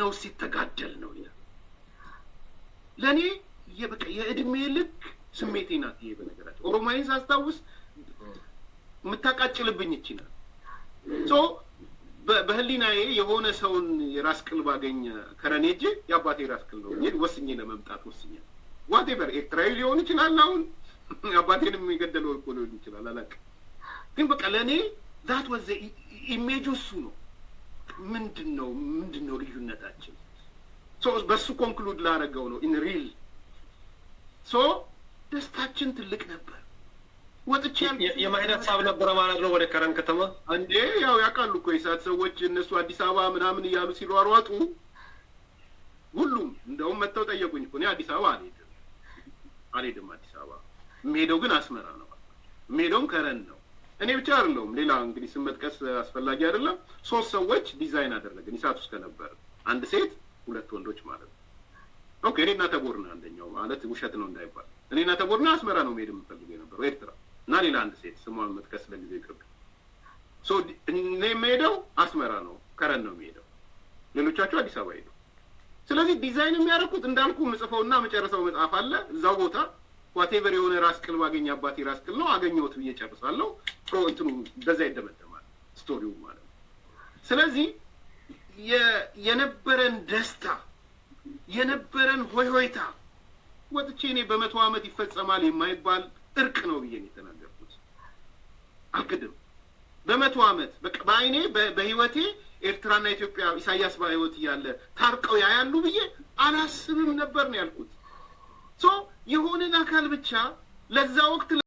ነው ሲተጋደል ነው ይላል። ለእኔ የበቃ የእድሜ ልክ ስሜቴ ናት ይሄ። በነገራቸው ኦሮማይን ሳስታውስ የምታቃጭልብኝ እቺ ናት። ሶ በህሊናዬ የሆነ ሰውን የራስ ቅል ባገኘ ከረኔ እጅ የአባቴ የራስ ቅል ነው ሄድ ወስኜ ለመምጣት ወስኛ ዋቴቨር ኤርትራዊ ሊሆን ይችላል። አሁን አባቴን የሚገደለው እኮ ሊሆን ይችላል። አላውቅም፣ ግን በቃ ለእኔ ዛት ወዘ ኢሜጅ እሱ ነው። ምንድን ነው ምንድን ነው ልዩነታችን? በእሱ ኮንክሉድ ላደረገው ነው ኢን ሪል ሶ ደስታችን ትልቅ ነበር። ወጥቼ የማይነ ሀሳብ ነበረ ማለት ነው ወደ ከረን ከተማ እንዴ። ያው ያውቃሉ እኮ የሰዓት ሰዎች እነሱ አዲስ አበባ ምናምን እያሉ ሲሯሯጡ ሁሉም እንደውም መጥተው ጠየቁኝ እኔ አዲስ አበባ አልሄድም አልሄድም አዲስ አበባ የምሄደው ግን አስመራ ነው። የምሄደውም ከረን ነው እኔ ብቻ አይደለሁም። ሌላ እንግዲህ ስም መጥቀስ አስፈላጊ አይደለም። ሶስት ሰዎች ዲዛይን አደረግን ይሳት ውስጥ ከነበር አንድ ሴት፣ ሁለት ወንዶች ማለት ነው። ኦኬ እኔና ተቦርና አንደኛው ማለት ውሸት ነው እንዳይባል እኔና ተቦርና አስመራ ነው መሄድ የምፈልገው የነበረው ኤርትራ እና ሌላ አንድ ሴት ስሟን መጥቀስ ለጊዜ ቅርብ እኔ የምሄደው አስመራ ነው፣ ከረን ነው የሚሄደው። ሌሎቻቸው አዲስ አበባ ሄዱ። ስለዚህ ዲዛይን የሚያደርጉት እንዳልኩ ምጽፈውና መጨረሰው መጽሐፍ አለ እዛው ቦታ ዋቴቨር የሆነ ራስ ቅል ባገኝ አባቴ ራስ ቅል ነው አገኘሁት ብዬ ጨርሳለሁ። ፕሮ እንትኑ በዛ ይደመደማል ስቶሪው ማለት ነው። ስለዚህ የነበረን ደስታ የነበረን ሆይሆይታ ወጥቼ እኔ በመቶ ዓመት ይፈጸማል የማይባል እርቅ ነው ብዬ ነው የተናገርኩት። አልክድም። በመቶ ዓመት በአይኔ በህይወቴ ኤርትራና ኢትዮጵያ ኢሳያስ በህይወት እያለ ታርቀው ያያሉ ብዬ አላስብም ነበር ነው ያልኩት። ሶ የሆነ አካል ብቻ ለዛ ወቅት